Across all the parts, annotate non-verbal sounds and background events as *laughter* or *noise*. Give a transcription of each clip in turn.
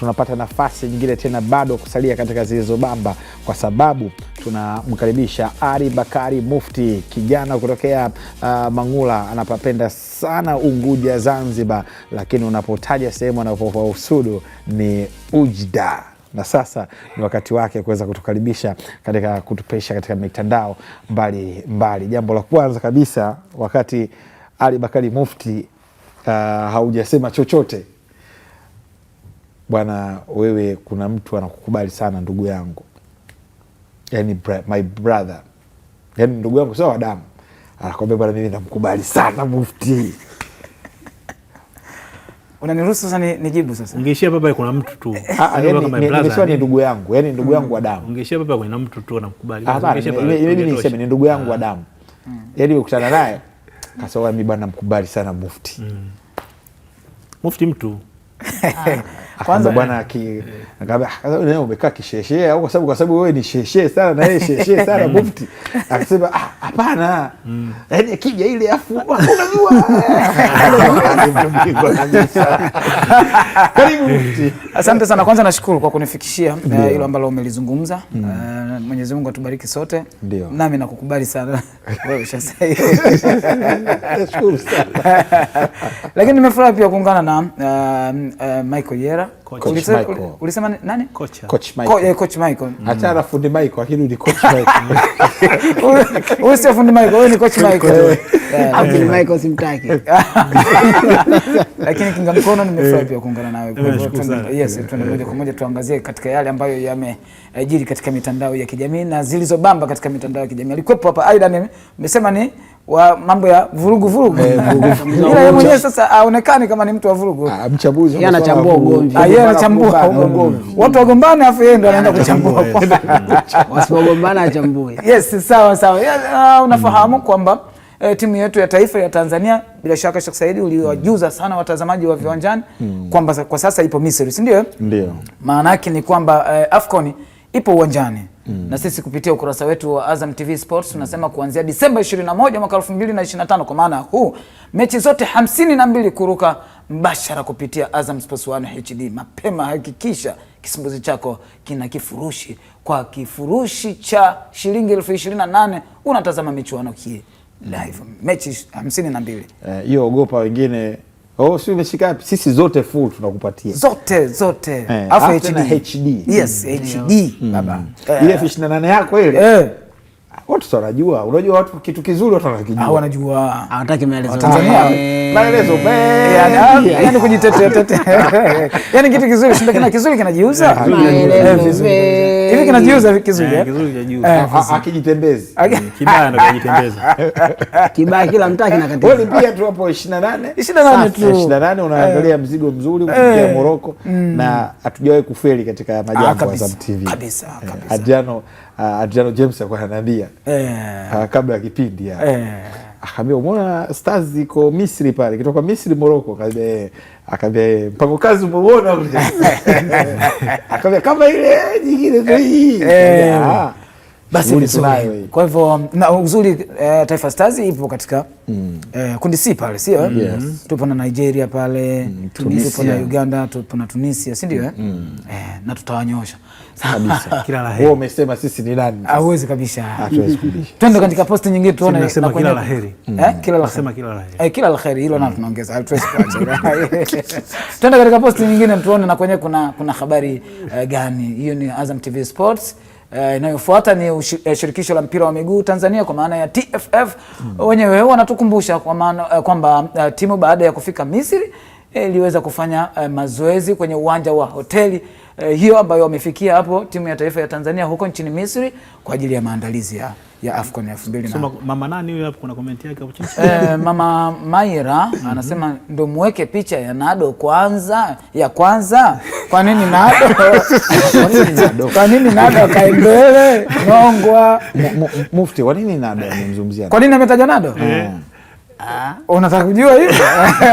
tunapata nafasi nyingine tena bado kusalia katika Zilizobamba, kwa sababu tunamkaribisha ari Bakari Mufti, kijana kutokea uh, Mangula, anapapenda sana Unguja, Zanzibar, lakini unapotaja sehemu usudu ni Ujda na sasa ni wakati wake kuweza kutukaribisha katika kutupesha katika mitandao mbalimbali. Jambo la kwanza kabisa, wakati Ali Bakari Mufti uh, haujasema chochote bwana wewe, kuna mtu anakukubali sana ndugu yangu, yani my brother, yani ndugu yangu sio wadamu, anakwambia bwana, mimi namkubali sana mufti Unaniruhusu sasa nijibu sasa. Ungeishia baba kuna mtu tu. Ah, yaani ni yaani- ndugu yangu, yani ndugu yangu wa mm. damu. Ungeishia baba kuna mtu tu anamkubali. Ah, mimi niseme ni ndugu yangu wa ah. damu. Mm. Yaani ukutana naye kasema mimi bwana namkubali sana mufti. Mm. Mufti mtu. *laughs* Ah. Kwanza bwana aki eh, akaambia ah, umekaa kisheshea au kwa sababu kwa sababu wewe ni sheshe sana na yeye sheshe *laughs* sana mm. mufti. Akasema ah, hapana. Mm. Yaani akija ile afu ah, unajua. *laughs* *laughs* Karibu mufti. Asante sana kwanza, nashukuru kwa kunifikishia eh, hilo ambalo umelizungumza. Mm. Eh, Mwenyezi Mungu atubariki sote. Nami nakukubali sana. Wewe Nashukuru sana. Lakini nimefurahi pia kuungana na Michael Yera Coach Ulisema nani? Kocha. Coach Michael. fundi Michael, lakini ni Coach Michael. Wewe *laughs* sio fundi Michael, wewe ni Coach Michael. Michael eh, eh. simtaki. Lakini kinga mkono nimefurahi pia kuungana nawe. Eh, yes, tuende moja kwa moja tuangazie katika yale ambayo yamejiri katika mitandao ya kijamii na zilizobamba katika mitandao ya kijamii. Alikuwepo hapa Aidan amesema ni wa mambo ya vurugu vurugu, eh, *laughs* ila yeye mwenyewe sasa aonekani kama ni mtu wa vurugu, ah, mchambuzi. Yeye ah, anachambua ugomvi, yeye anachambua ugomvi, watu wagombana, afu yeye ndo anaenda kuchambua, *laughs* wasipogombana achambue. Yes, sawa sawa. Ah, unafahamu kwamba E, timu yetu ya taifa ya Tanzania bila shaka Sheikh Saidi uliwajuza sana watazamaji wa viwanjani hmm. kwamba kwa sasa ipo Misri, si ndio? Ndio. Maana yake ni kwamba eh, Afcon ipo uwanjani na sisi kupitia ukurasa wetu wa Azam TV Sports tunasema mm. kuanzia Disemba 21 mwaka 2025 kwa maana huu mechi zote hamsini na mbili kuruka mbashara kupitia Azam Sports 1 HD. Mapema hakikisha kisimbuzi chako kina kifurushi, kwa kifurushi cha shilingi elfu ishirini unatazama michuano hii live, mechi 52 na mbili eh, hiyo. Uh, ogopa wengine Oh, si umeshika wapi? Sisi zote full tunakupatia. Zote zote. Eh, HD. HD. Yes, mm. HD. Mm. Baba. Ile 28 eh. yako ile. Eh. Watu wanajua, unajua watu kitu kizuri watu wanakijua. au ah, wanajua. Hawataki maelezo. Tanzania, Maelezo. Eh. Yaani, ah, yaani kujitetea tete, *laughs* yani kitu kizuri sio kina kizuri kinajiuza. Eh, eh, hivi kinajiuza kizuri. Kizuri kinajiuza. Akijitembezi. Mm, kibaya ndo kujitembeza. *laughs* Kibaya kila mtaki na katika. Wewe pia tu hapo 28. 28 tu. 28 unaangalia mzigo mzuri kutoka Morocco mm. na hatujawahi kufeli katika majambo ah, ya Azam TV. Kabisa, kabisa. Adriano Ah, Adriano James alikuwa ananiambia eh, ah, kabla ya kipindi eh, akaambia umeona Stars iko Misri pale, kitoka Misri Morocco, akaambia eh. mpango kazi umeona ule, *laughs* akaambia kama ile nyingine tu hii eh. ah basi vizuri. Kwa hivyo um, na uzuri eh, Taifa Stars ipo katika mm. eh, kundi C pale sio eh? yes. Mm. tupo na Nigeria pale mm, tupo na Uganda, tupo na Tunisia si ndio eh? mm. eh, na tutawanyosha kabisa. *laughs* Kila la heri. Wewe umesema sisi ni nani? Hauwezi kabisa. Twende katika posti nyingine tuone na kusema kila la heri. Mm. Eh, kila la sema kila la heri. Eh, kila la heri hilo na mm. tunaongeza. Hatuwezi kuacha. *laughs* *laughs* Twende katika posti nyingine tuone na kwenye kuna kuna habari uh, gani. Hiyo ni Azam TV Sports. Eh, inayofuata ni eh, shirikisho la mpira wa miguu Tanzania kwa maana ya TFF mm. wenyewe wanatukumbusha kwa maana eh, kwamba timu baada ya kufika Misri iliweza kufanya mazoezi kwenye uwanja wa hoteli hiyo ambayo wamefikia hapo timu ya taifa ya Tanzania huko nchini Misri kwa ajili ya maandalizi ya ya Afcon ya 2000 na mama nani huyo hapo, kuna comment yake hapo chini eh, mama Maira anasema ndio muweke picha ya Nado kwanza ya kwanza *laughs* Kwa nini Nado? Kwa nini Nado kaembele Nongwa? Mufti, kwa nini Nado amemzungumzia? Kwa nini ametaja Nado? Eh. Ah. Unataka kujua hivyo?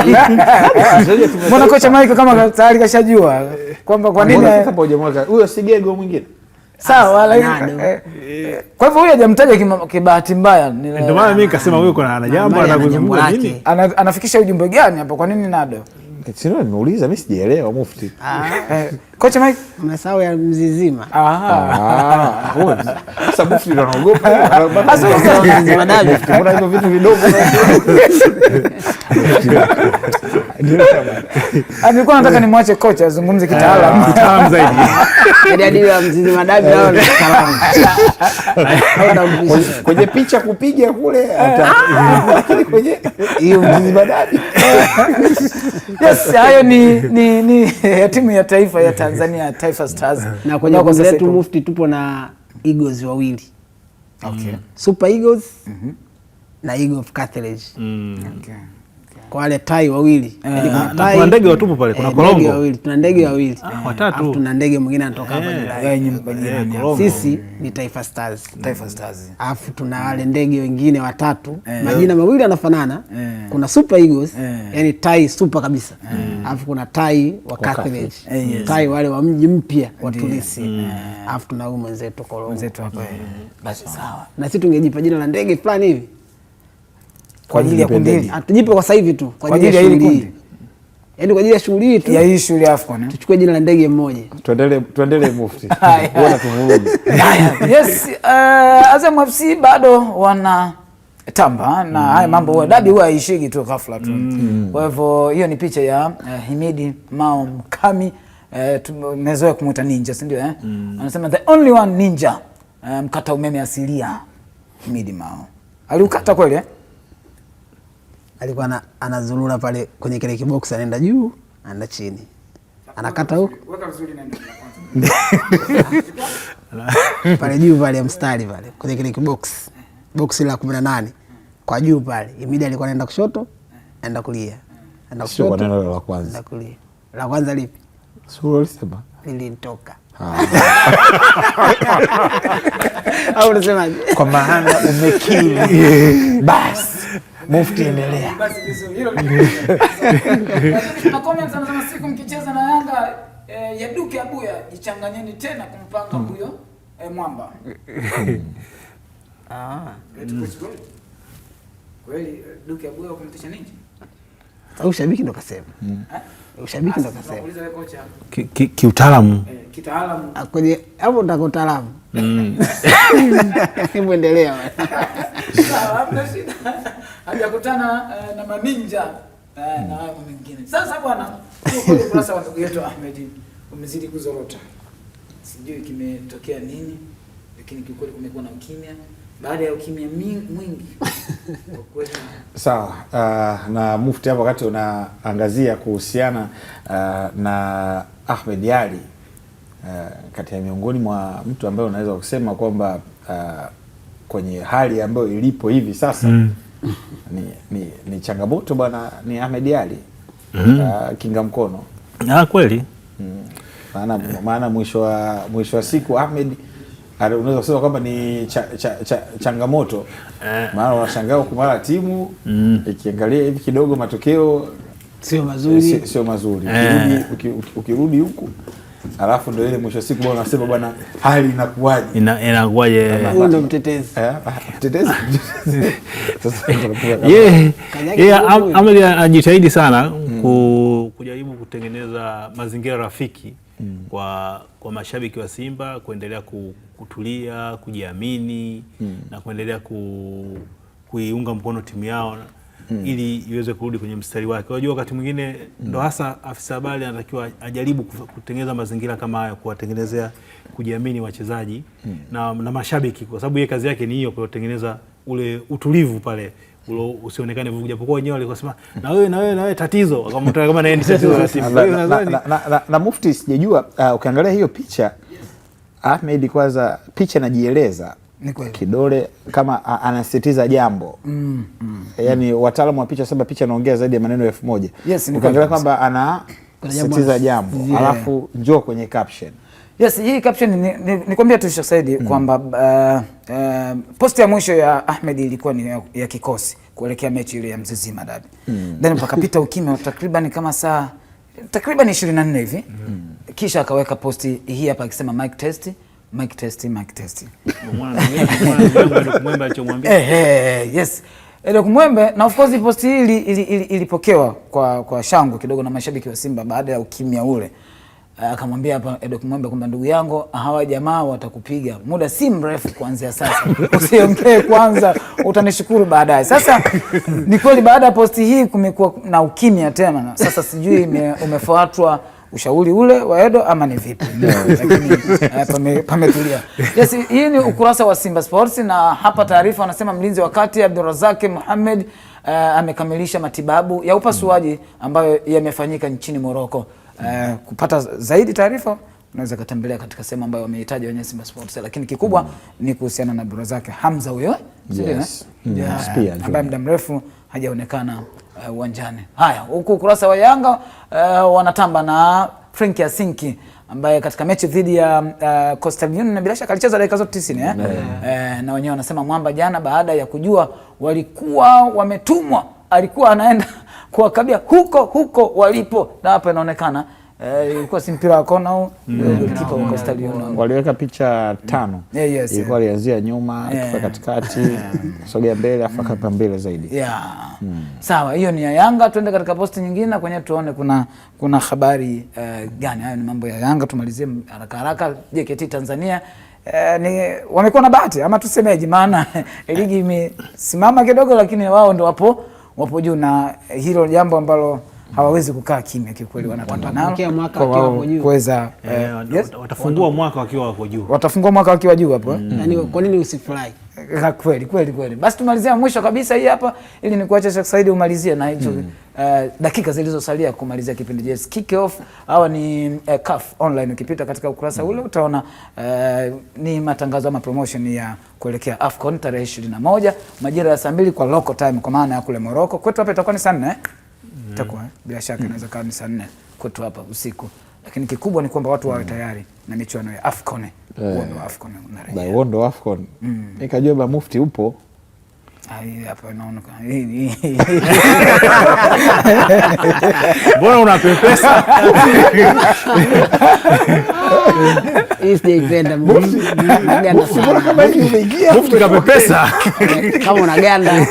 *laughs* *laughs* Mbona kocha Mike kama tayari kashajua kwamba kwa nini huyo si sigego mwingine Sawa, lakini eh. kwa hivyo huyo hajamtaja kibahati mbaya. Ndio maana mimi nikasema huyo kuna ana jambo anazungumza nini? Anafikisha ujumbe gani hapo? Kwa nini Nado? Sio niuliza mimi sijaelewa mufti. Ah. *laughs* Eh, kocha Mike umesahau ya mzizima. Ah. Ah, Sasa mufti anaogopa. *laughs* hivyo vitu vidogo. *laughs* Alikuwa anataka nimwache kocha azungumze ah, kitaalamu. Kitaalamu zaidi. Jadili *laughs* yaani la mzizi madabi hao ni kitaalamu. Kwenye picha kupiga kule ah. lakini kwenye hiyo mzizi madabi. *laughs* Yes, hayo ni ni ni *laughs* timu ya taifa ya Tanzania Taifa Stars. Na kwenye kundi letu Mufti tupo na Eagles wawili. Okay. Super Eagles mhm. na Eagle of Carthage. Okay kwa wale tai wawili eh, yaani kuna ndege watupu pale, kuna eh, kolombo wawili, tuna ndege mm. wawili ah, watatu, tuna ndege mwingine anatoka hapa eh, Sisi ni Taifa Stars, mm. Taifa Stars, alafu tuna wale ndege wengine watatu, majina mawili yanafanana. Kuna Super Eagles, yani tai super kabisa, alafu kuna tai wa Carthage, tai wale wa mji mpya wa Tunisia, mm. alafu tuna huyu mwenzetu kolombo, mwenzetu hapa. Basi sawa, na sisi tungejipa jina la ndege fulani hivi kwa ajili ya kundi hili. Tujipe kwa sasa hivi tu kwa ajili ya hili kundi. Yaani kwa ajili ya shughuli hii tu. Ya hii shughuli ya Afcon. Eh? Tuchukue jina la ndege mmoja. Tuendelee tuendelee Mufti. Uona tuvuruge. Yes, uh, Azam FC bado wana tamba na mm. haya mambo huwa dabi huwa haishiki tu ghafla tu. mm. Kwa hivyo hiyo ni picha ya uh, Himidi Mao Mkami uh, tumezoea kumuita ninja, si ndio eh? Mm. Anasema the only one ninja uh, mkata umeme asilia Himidi Mao. Aliukata kweli eh? alikuwa anazurura pale kwenye kile kiboksi, anaenda juu, anaenda chini, anakata huko *laughs* pale juu pale mstari pale kwenye kile kiboksi, boksi la kumi na nane kwa juu pale, imidi alikuwa anaenda kushoto, anaenda kulia, anaenda kushoto, kwa neno la kwanza kulia, la kwanza lipi? Sura lisema ilinitoka *laughs* au unasemaje? Kwa maana umekili *laughs* basi Mufti, endelea. *laughs* Siku mkicheza na Yanga eh, ya duke abuya, ichanganyeni tena kumpanga hmm. huyo eh, mwamba ushabiki *laughs* ah. hmm. eh, ndo kasema hmm. ushabiki ndo kasema kiutaalamu ah, kwenye hapo ndako utaalamu. *laughs* Hebu endelea sawa, hamna shida, hajakutana eh, na maninja eh, na mengine. Sasa bwana, ukurasa wa ndugu yetu Ahmed umezidi kuzorota, sijui kimetokea nini, lakini kiukweli kumekuwa na ukimya baada ya ukimya mwingi sawa. Uh, na Mufti hapo wakati unaangazia kuhusiana uh, na Ahmed Ally uh, kati ya miongoni mwa mtu ambaye unaweza kusema kwamba uh, kwenye hali ambayo ilipo hivi sasa mm. ni, ni, ni changamoto bwana, ni Ahmed Ally mm. uh, ah, kinga mkono ah, kweli mm. maana mm. mwisho wa mwisho wa siku Ahmed unaweza kusema kwamba ni cha, cha, cha, changamoto eh. maana unashangaa kumara timu mm. ikiangalia hivi kidogo matokeo sio mazuri, sio mazuri ukirudi eh. huku alafu ndio ile mwisho siku unasema bwana, hali inakuwaje? Ina, inakuwaje? ndo mtetezi eh, mtetezi. Yeye *laughs* anajitahidi sana mm. ku, kujaribu kutengeneza mazingira rafiki mm. kwa, kwa mashabiki wa Simba kuendelea kutulia, kujiamini mm. na kuendelea ku, kuiunga mkono timu yao mm. ili iweze kurudi kwenye mstari wake. Unajua wakati mwingine mm. ndo hasa afisa habari anatakiwa ajaribu kutengeneza mazingira kama haya kuwatengenezea kujiamini wachezaji mm. na, na mashabiki, kwa sababu yeye kazi yake ni hiyo, kutengeneza ule utulivu pale ulo usionekane vurugu, japokuwa wenyewe sema hmm. na wewe na wewe na wewe tatizo, akamtoa kama naye tatizo la timu *laughs* na, na, na, na, na Mufti sijajua. Uh, ukiangalia hiyo picha Ahmed kwanza picha inajieleza kidole kama anasisitiza jambo mm, mm, e, yani mm. Wataalamu wa picha saba picha anaongea zaidi ya maneno elfu moja yes, ukiangalia kwamba anasisitiza jambo yeah. Alafu njoo kwenye caption yes, hii caption nikwambia ni, ni tu Sheikh mm. kwamba uh, uh, posti ya mwisho ya Ahmed ilikuwa ni ya, ya kikosi kuelekea mechi ile ya Mzizima dabi mm. then pakapita ukimya takriban kama saa takriban nne hivi mm. Kisha akaweka posti hii hapa akisema mic test Mike Testi, Mike Testi. Yes. Edok Mwembe na of course posti hii ili, ili, ili, ilipokewa kwa, kwa shangwe kidogo na mashabiki wa Simba baada ya ukimya ule. Eh, akamwambia hapa Edo Kumwembe kwamba ndugu yangu, hawa jamaa watakupiga muda si mrefu kuanzia sasa, usiongee kwanza, utanishukuru baadaye. Sasa ni kweli baada ya posti hii kumekuwa na ukimya tena, sasa sijui umefuatwa ushauri ule wa Edo ama ni vipi? *laughs* Lakini eh, pametulia yes. Hii ni ukurasa wa Simba Sports, na hapa taarifa wanasema mlinzi wa kati Abdurazak Mohamed uh, amekamilisha matibabu ya upasuaji ambayo yamefanyika nchini Morocco. Uh, kupata zaidi taarifa unaweza kutembelea katika sehemu ambayo wamehitaji wenye Simba Sports, lakini kikubwa mm. ni kuhusiana na Abdurazak Hamza huyo, yes. Mm. yes. ambaye muda mrefu hajaonekana Eh, uwanjani. Uh, haya huku ukurasa wa Yanga uh, wanatamba na Frenki Asinki ambaye katika mechi dhidi ya uh, Coastal Union bila shaka alicheza dakika zote 90 eh? Eh, na wenyewe wanasema mwamba jana, baada ya kujua walikuwa wametumwa, alikuwa anaenda *laughs* kuwakabia huko huko walipo, na hapa inaonekana Eh, ilikuwa si mpira wa kona au mm. mm. waliweka picha tano, ilikuwa alianzia nyuma kifa katikati sogea mbele afu akapa mbele zaidi. Mm. Sawa, hiyo ni ya Yanga. Tuende katika posti nyingine na kwenyewe tuone kuna kuna habari eh, gani. Hayo ni mambo ya Yanga, tumalizie haraka haraka. JKT Tanzania eh, wamekuwa na bahati ama tusemeje, maana *laughs* ligi imesimama kidogo, lakini wao ndo wapo wapo juu, na hilo jambo ambalo hawawezi kukaa kimya kiukweli, kuweza eh, eh, watafungua mwaka wakiwa wako juu, watafungua mwaka wakiwa juu hapo. Yaani kwa nini usifurahi? Kweli kweli kweli. Basi tumalizia mwisho kabisa hii hapa, ili nikuache Sheikh Said umalizie na hizo mm. Uh, dakika zilizosalia kumalizia kipindi Yes Kick Off. Hawa ni uh, CAF online, ukipita katika ukurasa mm. ule utaona uh, ni matangazo ama promotion ya kuelekea AFCON tarehe 21 majira ya saa mbili kwa local time, kwa maana ya kule Morocco. Kwetu hapa itakuwa ni saa 4 eh? itakuwa mm bila shaka mm. inaweza mm kawa ni saa nne kwetu hapa usiku, lakini kikubwa ni kwamba watu wawe mm. tayari na michuano ya AFCON. Huo eh. AFCON huo ndo AFCON. Mm. Nikajua ba mufti upo hapa inaonekana mbona unapepesa? Mufti kapepesa kama unaganda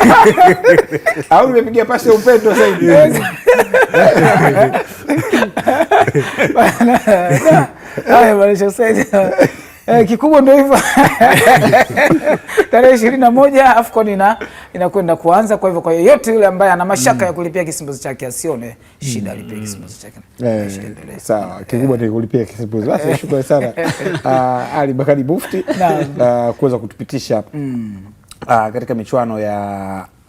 au imepigia pasi ya upendo zaidi Eh, kikubwa ndio hivyo *laughs* tarehe ishirini na moja AFCON ina inakwenda kuanza. Kwa hivyo kwa yeyote yule ambaye ana mashaka mm. ya kulipia kisimbuzi chake asione shida, alipia mm. kisimbuzi chake eh, sawa. Kikubwa ndio kulipia kisimbuzi. Basi eh. shukrani sana uh, *laughs* Ali Bakari Mufti uh, kuweza kutupitisha mm. uh, katika michuano ya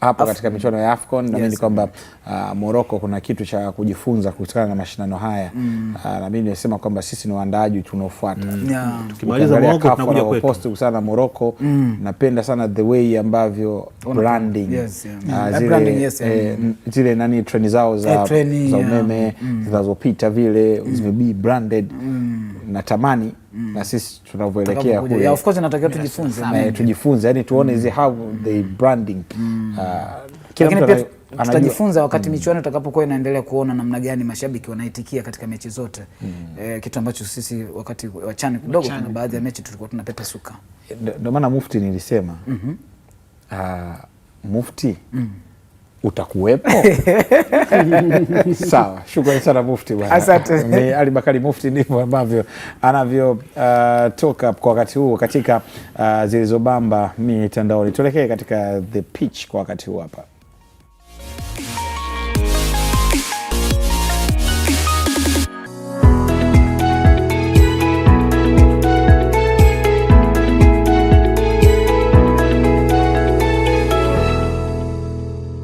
hapo katika michuano ya AFCON yes. kwamba uh, Morocco kuna kitu cha kujifunza kutokana na mashindano haya mm. Uh, naamini nimesema kwamba sisi ni waandaaji tunaofuata mm. yeah. Tukimaliza Morocco tunakuja kwetu post na Morocco mm. Napenda sana the way ambavyo branding yes, yeah. uh, mm. zile, branding, yes, yeah. eh, mm. zile nani treni zao za, hey, eh, treni, za umeme yeah. mm. zinazopita vile mm. zimebi branded mm. natamani mm. na sisi tunavyoelekea natakiwa tujifunze tujifunze, yani tuone hizi mm. how they branding mm. uh, tutajifunza wakati mm. michuano itakapokuwa inaendelea kuona namna gani mashabiki wanaitikia katika mechi zote mm. E, kitu ambacho sisi wakati wachani kidogo kuna baadhi ya mechi tulikuwa suka Ndio maana Mufti nilisema mm -hmm. uh, Mufti mm utakuwepo *laughs* sawa. Shukrani sana Mufti bwana, asante. Ni Ali Bakari Mufti, ndivyo ambavyo anavyotoka uh, kwa wakati huu katika uh, zilizobamba mitandaoni. Tuelekee katika the pitch kwa wakati huu hapa.